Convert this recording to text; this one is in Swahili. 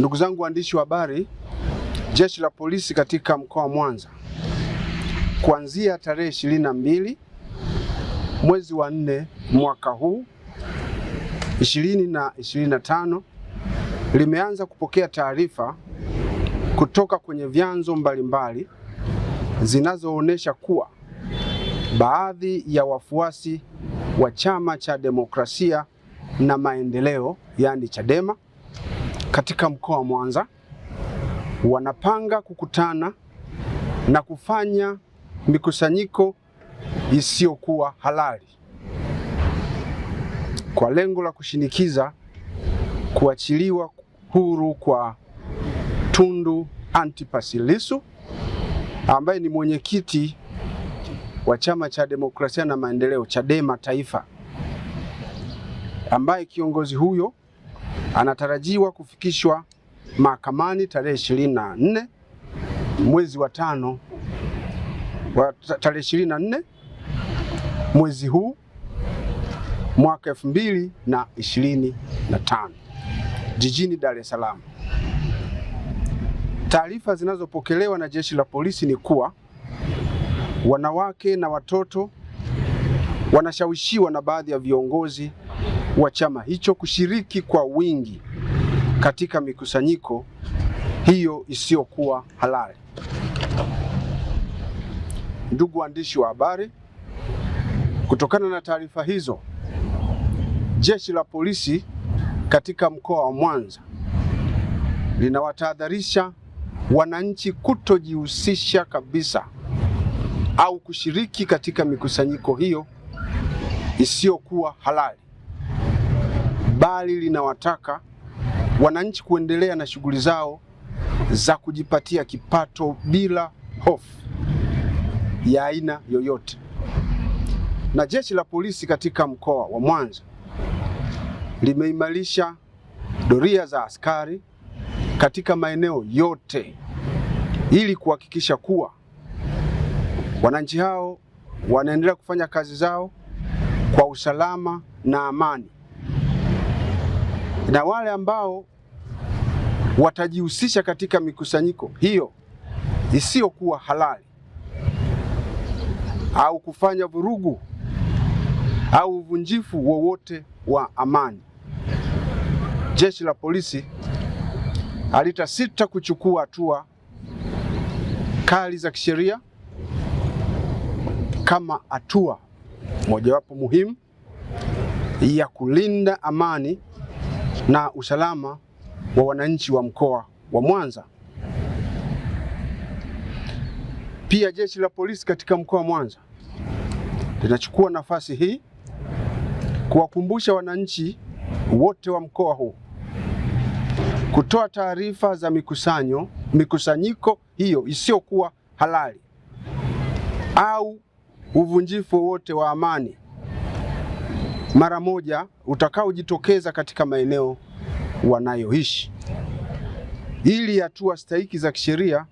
Ndugu zangu waandishi wa habari, jeshi la polisi katika mkoa wa Mwanza kuanzia tarehe ishirini na mbili mwezi wa nne mwaka huu ishirini na ishirini na tano limeanza kupokea taarifa kutoka kwenye vyanzo mbalimbali zinazoonyesha kuwa baadhi ya wafuasi wa Chama cha Demokrasia na Maendeleo, yaani Chadema katika mkoa wa Mwanza wanapanga kukutana na kufanya mikusanyiko isiyokuwa halali kwa lengo la kushinikiza kuachiliwa huru kwa Tundu Antipas Lissu ambaye ni mwenyekiti wa Chama cha Demokrasia na Maendeleo, Chadema Taifa, ambaye kiongozi huyo anatarajiwa kufikishwa mahakamani tarehe ishirini na nne mwezi wa tano wa tarehe ishirini na nne mwezi huu mwaka elfu mbili na ishirini na tano jijini Dar es Salaam. Taarifa zinazopokelewa na jeshi la polisi ni kuwa wanawake na watoto wanashawishiwa na baadhi ya viongozi wa chama hicho kushiriki kwa wingi katika mikusanyiko hiyo isiyokuwa halali. Ndugu waandishi wa habari, kutokana na taarifa hizo, jeshi la polisi katika mkoa wa Mwanza linawatahadharisha wananchi kutojihusisha kabisa au kushiriki katika mikusanyiko hiyo isiyokuwa halali bali linawataka wananchi kuendelea na shughuli zao za kujipatia kipato bila hofu ya aina yoyote. Na jeshi la polisi katika mkoa wa Mwanza limeimarisha doria za askari katika maeneo yote ili kuhakikisha kuwa wananchi hao wanaendelea kufanya kazi zao kwa usalama na amani na wale ambao watajihusisha katika mikusanyiko hiyo isiyokuwa halali au kufanya vurugu au uvunjifu wowote wa amani, jeshi la polisi halitasita kuchukua hatua kali za kisheria kama hatua mojawapo muhimu ya kulinda amani na usalama wa wananchi wa mkoa wa Mwanza. Pia jeshi la polisi katika mkoa wa Mwanza linachukua nafasi hii kuwakumbusha wananchi wote wa mkoa huu kutoa taarifa za mikusanyo mikusanyiko hiyo isiyokuwa halali au uvunjifu wote wa amani mara moja utakaojitokeza katika maeneo wanayoishi. Ili hatua stahiki za kisheria